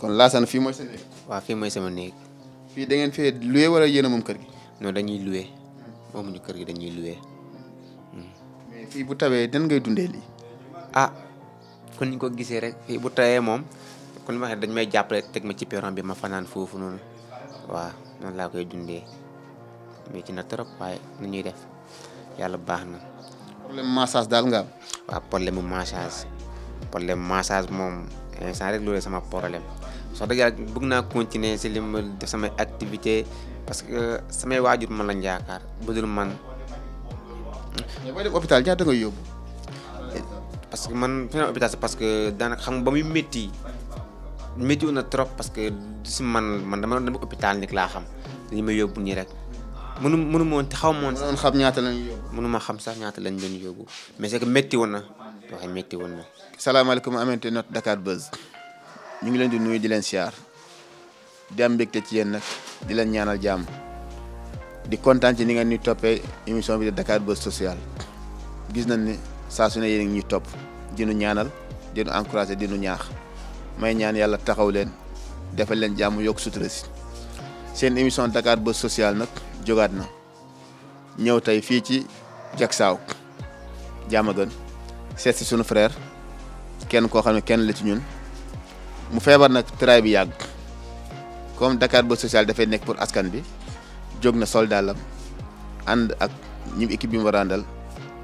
kon kon fii mooy sa néeg. fii mooy sama néeg. fii da ngeen fee loué wala yéen moom kër gi. non dañuy loué. moomuñu kër gi dañuy loué. Hmm. fii bu tawee nan ngay dundee lii. ah kon ñu ko gisee rek fii bu tawee moom kon ma dañ may jàppale teg ma ci perron bi ma fanaan foofu noonu waaw noonu laa koy dundee mu ci na trop waaye nu ñuy def yàlla baax na. problème massage daal nga am. waaw mu massage. problème massage moom instant rek sama problème soo dëgg yàlla bëgg naa continuer si li ma def samay activité parce que samay waajur man lañ yaakaar budul man. mais booy dem ñaata parce que man parce que daanaka xam nga ba muy métti métti woon na trop parce que si man man dama doon dem laa xam dañu may yóbbu nii rek. mënu mënu ma woon xaw ma woon. mënu xam ñaata lañ yóbbu. xam sax lañ leen yóbbu mais c'est que waxe metti woon na salaamaaleykum amante not Dakar Buzz ñu ngi leen di nuyu di leen siyaar di am mbégte ci yéen nag di leen ñaanal jàmm di kontaan ci ni ngeen ni toppee émission bi de Dakar Buzz social gis nañ ni saa su ne yéen ngi ñuy topp dinu ñaanal dinu encouragé dinu ñaax may ñaan yàlla taxaw leen defal leen jàmm yokk sutura si seen émission Dakar Buzz social nag jógaat na ñëw tey fii ci Jaksaaw jàmm a seet si suñu frère kenn koo xam ne kenn la ci ñun mu feebar na tëraay bi yàgg comme Dakar Buzz Social dafay nekk pour askan bi jóg na sol dàllam ànd ak ñi équipe bi mu war a àndal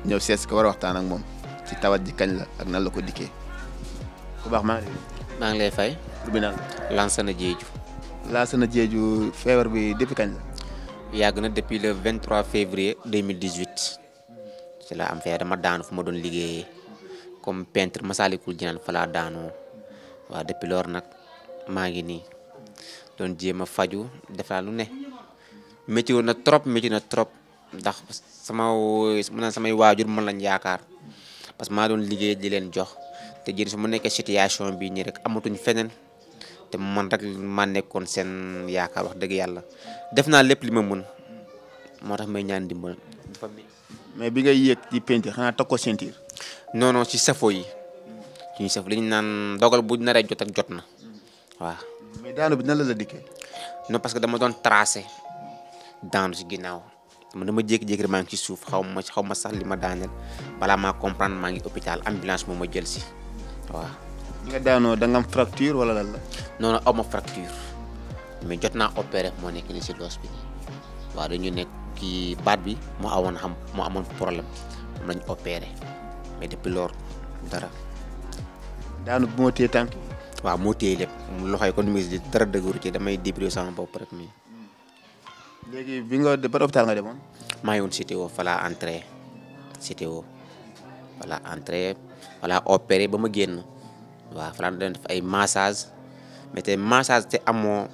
ñëw seet ko war a waxtaan ak moom ci tawat ji kañ la ak nan la ko dikkee ku baax maa ngi lay. fay. tur bi naan la. Lansana Diedhiou. Lansana Diedhiou feebar bi depuis kañ la. yàgg na depuis le 23 février 2018 ci la am feebar dama daanu fu ma doon liggéeyee. comme peintre Massalikul Jinaan fa laa daanoo waaw depuis loolu nag maa ngi nii doon jéem a faju def naa lu ne métti na trop métti na trop ndax sama mën na samay waajur man lañ yaakaar parce que maa doon liggéey di leen jox te jën su mu nekkee situation bi nii rek amatuñ feneen te man rek maa nekkoon seen yaakaar wax dëgg yàlla def naa lépp li ma mën moo tax may ñaan dimbal dafa bi ngay yéeg ci peinture xanaa tag ko non si ci safo yi ci saf li ñu naan dogal bu naree jot ak jot na waaw. mais daanu bi na la la dikkee. non parce que dama doon tracé daanu si ginnaaw dama jékki-jékki rek maa ngi ci suuf xaw ma xaw ma sax li ma daaneel balaa maa comprendre maa ngi hôpital moo ma jël si waaw. li nga daanoo da nga fracture wala lan la. non non fracture mais jot naa opéré moo nekk nii ci loos bi waaw dañu nekk kii baat bi moo awoon xam moo amoon problème moom lañu opéré. mais depuis lors dara. daanu bu ma téye tànk. waaw moo téye lépp loxo yi kon mu di dara dëgëru ci damay débrouiller sama bopp rek mi hmm. léegi bi nga ban demoon. maa ngi woon CTO fa laa entré CTO fa laa entré fa ba ma génn waa fa laa def ay massage mais massage te amoo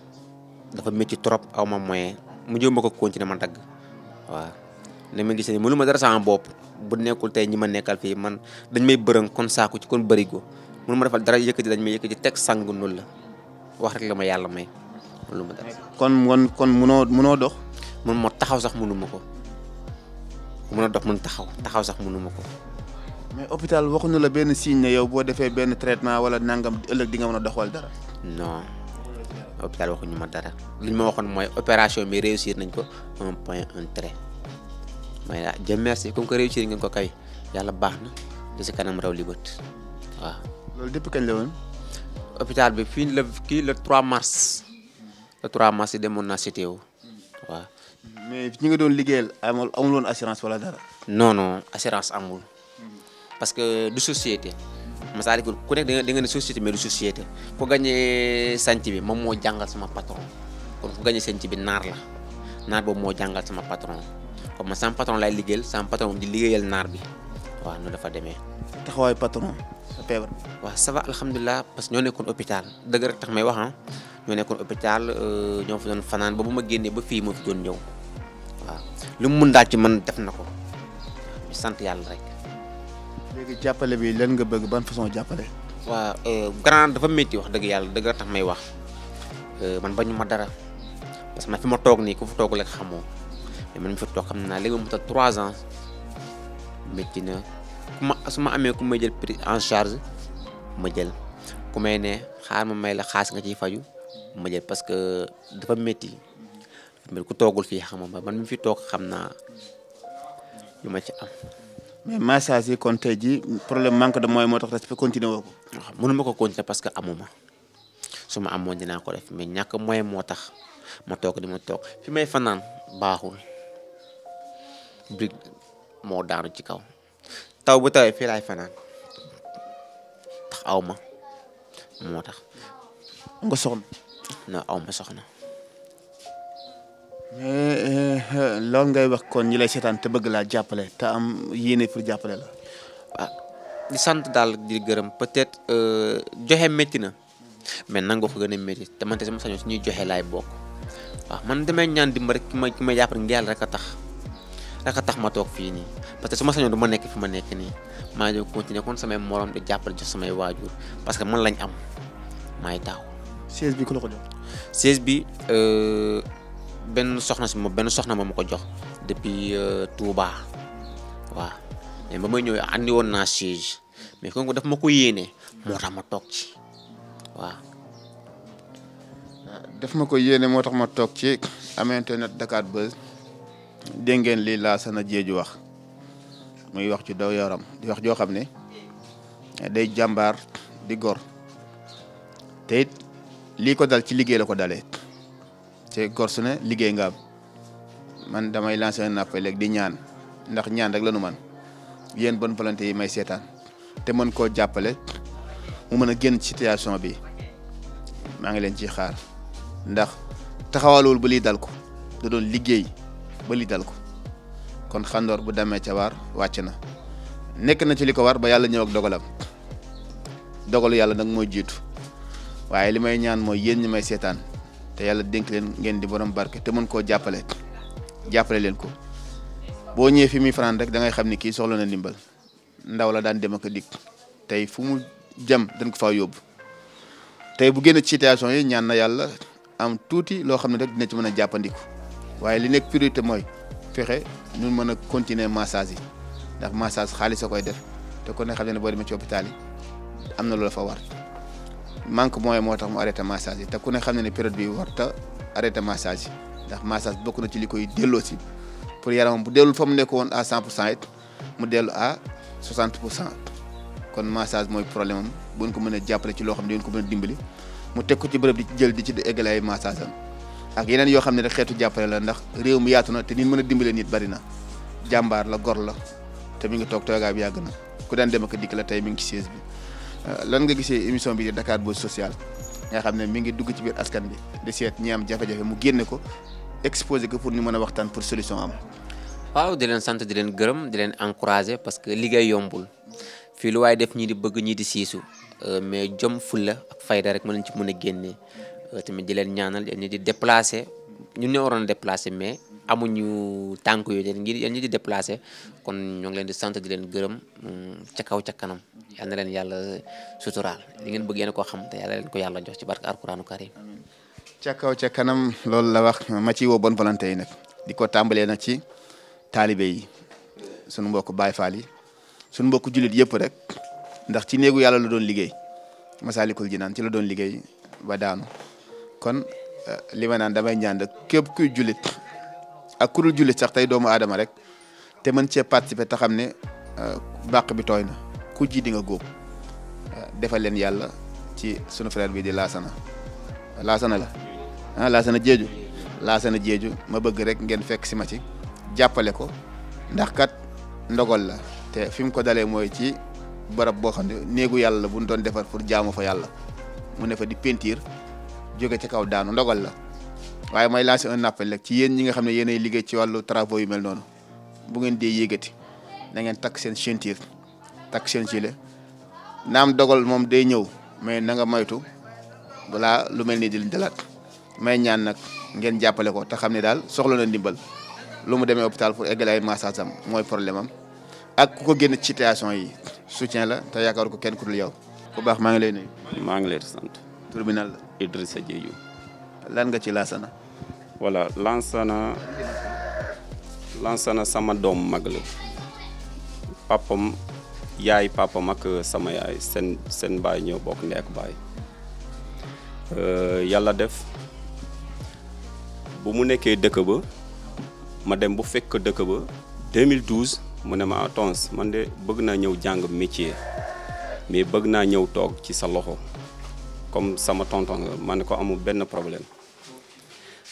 dafa métti trop aw ma moyen mu jëm ba ko continuer ma dagg waaw. li ma gisee nii mënu ma dara sama bopp bu nekkul tey ñi ma nekkal fii man dañ may bërëng kon saako ci kon bërigo nu ma defal dara yëkkati dañ may yëkkati teg sangu nul la wax rek la ma yàlla may ma dara. kon kon kon mënoo mënoo dox. man moo taxaw sax mënu ma a dox mën taxaw taxaw sax mënu ko. mais hôpital waxuñu la benn signe ne yow boo defee benn traitement wala nangam ëllëg di nga mën a dox wala dara. non hôpital waxuñu ma li ñu ma waxoon mooy opération bi réussir nañ ko un point un may ah jëm merci comme que réussir ngeen ko kay yàlla baax na da si kanam raw li bët waaw. loolu depuis kañ la woon. hôpital bi fii la kii le 3 mars le 3 mars demoon naa CTO waaw. mais ñi nga doon liggéeyal amul amul assurance wala dara. non assurance amul parce que du société. Massalikul ku nekk di nga ne société mais du société ku gagné sanc bi moom moo jàngal sama patron kon ku gagné sanc naar la naar boobu moo jàngal sama patron. ko man sama patron laay liggéeyal sama patron di liggéeyal naar bi waaw noonu dafa demee. taxawaayu patron sa feebar. waaw ça va parce que ñoo nekkoon hôpital dëgg rek tax may wax ah ñoo nekkoon hôpital euh, ñoo fi doon fanaan ba bu ma génnee ba fii ma fi doon ñëw waaw lu mu mën daal man def na ko sant yàlla rek. léegi jàppale bi lan nga bëgg ban façon jàppale. waaw euh, dafa métti wax dëgg yàlla dëgg tax may wax euh, man ma dara parce que man fi ma toog nii ku fa toogul ak xamoo. man leen toog xam naa léegi mu toll 3 ans métti na ku ma ma amee ku may jël prise en charge ma jël ku may ne xaar may la xaas nga ciy faju ma parce que dafa métti ku toogul fii xam nga man mi fi toog xam naa lu ma ci am. mais massage yi kon tey de moyen moo tax respect continuer woo ko. waaw mënuma ko continuer su ma amoon dinaa ko def mais ñàkk moyen moo tax ma toog di ma toog fi may fanaan baaxul. brique moo daanu ci kaw taw bu tawee fii laay fanaan tax aw ma moo tax nga soxna na aw eh, eh, ngay wax kon ñi lay seetaan te bëgg laa jàppale te am yéene pour jàppale la waaw ah, di sant daal di gërëm peut-être euh, joxe métti na mais nangoo ko gën a métti te man te sama sañoon su ñuy joxe laay bokk man damay ñaan dimbali rek ki ma ki ma jàpp rek yàlla rek a tax rek a tax ma toog fii nii parce que su ma sañoon du nekk fi ma nekk nii maa ngi continuer kon samay morom di jàppale jox samay waajur parce que man lañ am maay taaw. siège bi ku ko jox. siège bi euh, benn soxna si ma benn soxna ma ma ko jox depuis euh, Touba waaw mais ba may ñëwee andi woon naa siège mais kooku daf ma ko yéene moo ma toog ci ah, ma ko yéene moo tax ma toog ci am internet Dakar Buzz. dégg ngeen lii laa sana jeeju wax muy wax ci doyoram yaram di wax joo xam ne day jàmbaar di gor te it lii ko dal ci liggéey la ko dalee te gor ne liggéey ngam man damay lancé un appel léegi di ñaan ndax ñaan rek la man yéen bonne volonté yi may seetaan te mën koo jàppale mu mën a génn situation bi maa ngi leen ci xaar ndax taxawalul ba lii dal ko da doon liggéey ba li dal ko kon xandoor bu demee ca waar wàcc na nekk na ci li ko war ba yàlla ñëw ak dogalam dogalu yàlla nag mooy jiitu waaye li may ñaan mooy yéen ñi may seetaan te yàlla dénk leen ngeen di borom barke te mën koo jàppale jàppale leen ko boo ñëwee fi muy fanaan rek dangay xam ni kii soxla na ndimbal ndaw la daan dem ak dikk tey fu mu jëm dañ ko faa yóbbu tey bu génn ci situation yi ñaan na yàlla am tuuti loo xam ne rek dina ci mën a jàppandiku waaye li nekk priorité mooy fexe ñu mën a continuer massage yi ndax massage xaalis koy def te kon ne xam ne boo demee ci hôpital yi am na loolu fa war manque moyen moo tax mu arrêté massage yi te ku ne xam ne période bi warta arrêté massage yi ndax massage bokk na ci li koy delloo si pour yaramam bu dellul fa mu nekk woon à 100 pour cent it mu dellu à 60 kon massage mooy problème bu ñu ko mën a jàppale ci loo xam ne dañ ko mën a dimbali mu teg ko ci bërëb di jël di ci eggale ay massage am ak yeneen yoo xam ne rek xeetu jàppale la ndax réew mi yaatu na te ni mën a dimbale nit bari na jàmbaar la gor la te mi ngi toog toogaay bi yàgg na ku daan dem ak dikk la tey mi ngi ci siège bi euh, lan nga gisee émission bi di Dakar Buzz social nga xam ne mi ngi dugg ci biir askan bi di seet ñi am jafe-jafe mu génne ko exposé ko pour ñu mën a waxtaan pour solution am. waaw di leen sant di leen gërëm di leen encouragé parce que liggéey yombul fii lu waaye def di bëgg ñii di siisu euh, mais jom fulla ak fayda rek mën nañ ci mën a génnee. Euh, tamit di leen ñaanal yéen ñi di déplacé ñu ne waroon a déplacé mais amuñu tànk yooyu leen ngir yéen ñi di déplacé kon ñoo ngi leen di sant di leen gërëm mm, ca kaw ca kanam yal na leen yàlla suturaal li ngeen bëgg koo xam te yàlla ko yàlla jox ci barke alquraanu karim ca kaw ca kanam loolu la wax ma ci woo bonne volonté yi nag di ko tàmbalee nag ci taalibe yi sunu mbokk Baay Faal yi sunu mbokk jullit yëpp rek ndax ci néegu yàlla la doon liggéey Masaalikul Jinaan ci la doon liggéey ba daanu kon euh, li ma naan damay ñaan rek képp kuy jullit ak ku dul jullit sax tey doomu aadama rek te mën cee participer te xam ne euh, bàq bi tooy na ku ji di góob euh, defal leen yàlla ci sunu frère bi di laasana laasana la ah laasana jeeju laasana jeeju ma bëgg rek ngeen fekk si ma ci jàppale ko ndax kat ndogal la te fi mu ko dalee mooy ci barab boo xam ne néegu yàlla bu ñu doon defar pour jaamu fa yàlla mu ne fa di peinture jóge ci kaw daanu ndogal la waaye may lancer un appel rek ci yéen ñi nga xam ne yéenay liggéey ci wàllu travaux yu mel noonu bu ngeen dee yéegati na ngeen takk seen ceinture tak seen le naam dogal moom day ñëw mais na nga moytu balaa lu mel nii di dalaat may ñaan nag ngeen jàppale ko te xam ne daal soxla na ndimbal lu mu demee hôpital pour eggale ay massage sam mooy problème am ak ku ko génn ci situation yi soutien la te yaakaar ko kenn ku dul yow. bu baax maa ngi lay maa ngi lay sant. Idrissa Diédhiou lan nga ci Lansana voilà Lansana Lansana sama doom mag la papam yaay papam ak sama yaay seen seen baay ñoo bokk ndey baay euh, yàlla def bu mu nekkee dëkk ba ma dem bu fekk dëkk ba 2012 mu ne ma Tonce man de bëgg naa ñëw jàng métier mais bëgg naa ñëw toog ci sa loxo comme sama tonton nga ma ko amul benn problème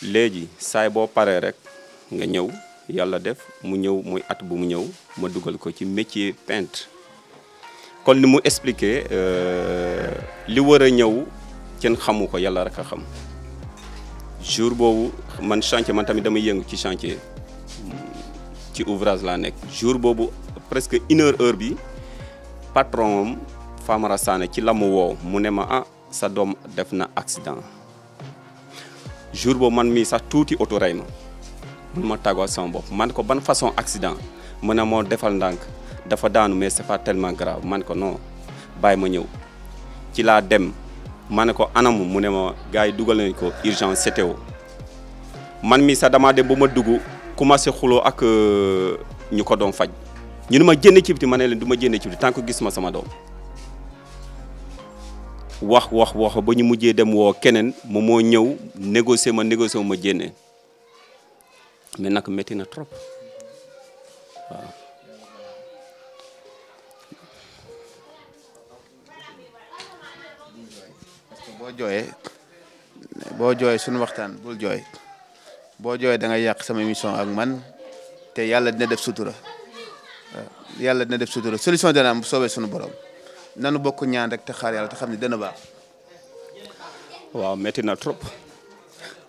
léegi saay boo paree rek nga ñëw yàlla def mu ñëw muy at bu mu ñëw ma dugal ko ci métier peintre kon ni mu expliqué euh, li war a ñëw kenn xamu ko yàlla rek a xam jour boobu man chantier man tamit damay yëngu ci chantier ci ouvrage la nekk jour boobu presque une heure bi patron am Famara Sané ci la mu mu ne ma ah sa doom def na accident jour boobu man mii sax tuuti auto rey ma mun ma tàggoo sama bopp man ko ban façon accident mu a moo defal ndànk dafa daanu mais c'est pas tellement man ko noo bàyyi ma ñëw ci laa dem ma ne ko anamu mu ne ma gars yi dugal ko urgence CTO man mii sax damaa dem ba ma dugg commencé xuloo ak euh, ñu ko doon faj ñu ne ma génn ci biti ma ne leen du ma génn ci biti tant gis ma sama doom wax wax wax ba ñu mujjee dem woo keneen moom moo ñëw négocier ma négocier ma jénne mais nag métti na trop boo jooyee boo jooyee suñu waxtaan bul jooy boo jooyee dangay ngay yàq sama émission ak man te yàlla dina def sutura yàlla dina def sutura solution dana am bu soobee suñu borom nanu bokk ñaan rek te xaar yàlla te xam ne dana baax. waaw metti na trop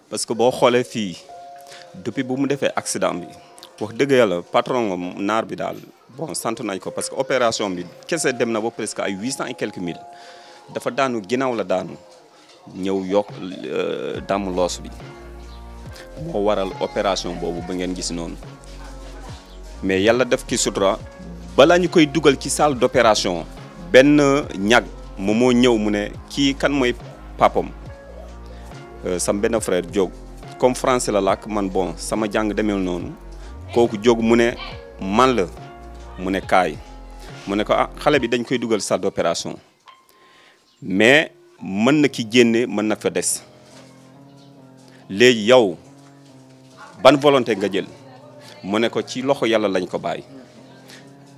parce que boo xoolee fii depuis bu mu defee accident bi wax dëgg yàlla patron naar bi daal bon sant nañ ko parce que opération bi kese dem na ba presque ay huit cent et dafa daanu ginnaaw la daanu ñëw yokk euh, damm loos bi moo waral opération boobu ba ngeen gis noonu mais yàlla def ki sutura balaa ñu koy dugal ci salle d'opération. benn ñag moom moo ñëw mu ne kii kan mooy papam euh, sam benn frère jóg comme français la làkk man bon sama jàng demel noonu kooku jóg mu ne man la mu ne kaay mu ne ko ah xale bi dañ koy dugal salle d'opération mais mën na ki génne mën na fa des léegi yow ban volonté nga jël mu ne ko ci loxo yàlla lañ ko bàyyi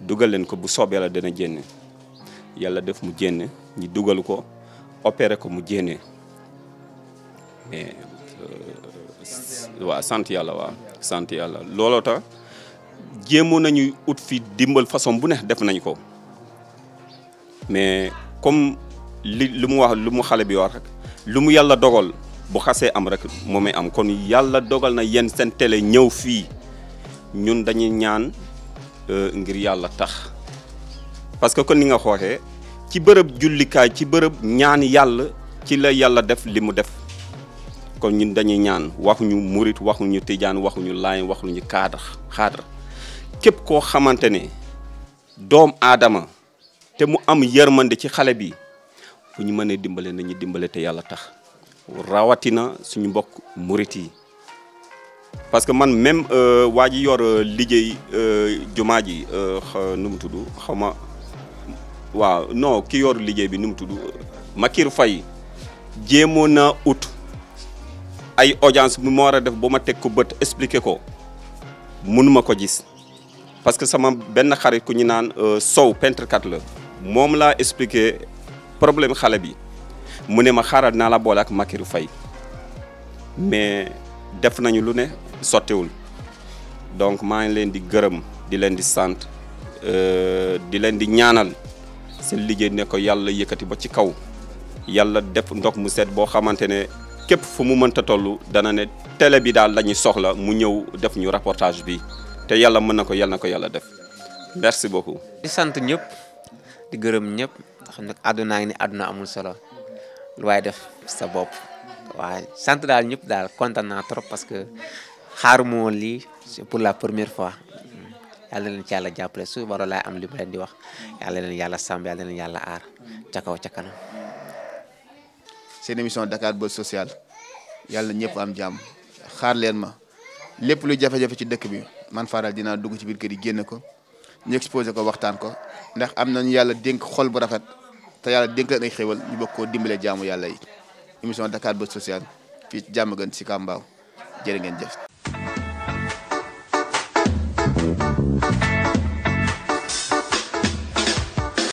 dugal leen ko bu soobee la dana génne yàlla def mu génn ñi dugal ko opéré ko mu génnee mais euh, waaw sant yàlla waaw sant yàlla looloo tax jéemoon nañu ut fi dimbal façon bu ne def nañ ko mais comme li lu mu wax lu mu xale bi wax rek lu mu yàlla dogal bu xasee am rek moomay am kon yàlla dogal na yéen seen télé ñëw fii ñun dañuy ñaan euh, ngir yàlla tax parce que kon ni nga xooxee ci bërëb jullikaay ci bërëb ñaan yàlla ci la yàlla def li mu def kon ñun dañuy ñaan waxuñu murit waxuñu tijaan waxuñu laayin waxuñu cadre cadre képp koo xamante ne doom aadama te mu am yërmande ci xale bi fu ñu mënee dimbale nañu dimbale te yàlla tax rawatina suñu mbokk murit yi parce que man même euh, waa ji yor euh, liggéey euh, jumaa ji nu mu tudd xaw waaw non ki yor liggéey bi nu mu tudd Makir fay jéemoon na ut ay audience bi ma war a def ba ma teg ko bët expliqué ko mënuma ko gis parce que sama benn xarit ku ñu naan euh, Sow peintre kat la moom laa expliqué problème xale bi mu ne ma xaaral naa la boole ak Makir fay mais def nañu lu ne sottewul donc maa ngi leen di gërëm di leen di sant euh, di leen di ñaanal seen liggéey ne ko yàlla yëkkati ba ci kaw yàlla def ndox mu set boo xamante ne képp fu mu mënta toll dana ne tele bi daal lañuy ñuy soxla mu ñëw def ñu reportage bi te yàlla mën na ko yàlla na ko yàlla def merci beaucoup. di sant ñëpp di gërëm ñëpp xam nag àdduna ni àdduna amul solo lu waaye def sa bopp waaye sant daal ñëpp daal kontaan parce que xaaruma woon lii pour la première fois. yàlla leen ci yàlla jàppale su baro laay am li mu leen di wax yàlla leen yàlla sàmm yàlla aar ca kaw ca kanam seen émission Dakar Buzz social yàlla ñëpp am jàmm xaar leen ma lépp luy jafe-jafe ci dëkk bi man faral dinaa dugg ci biir kër yi génn ko ñu exposé ko waxtaan ko ndax am nañu yàlla dénk xool bu rafet te yàlla dénk leen ay xéwal ñu bokk koo dimbale jaamu yàlla yi émission Dakar Buzz social fii jàmm gën si Kambaaw jërë ngeen jëf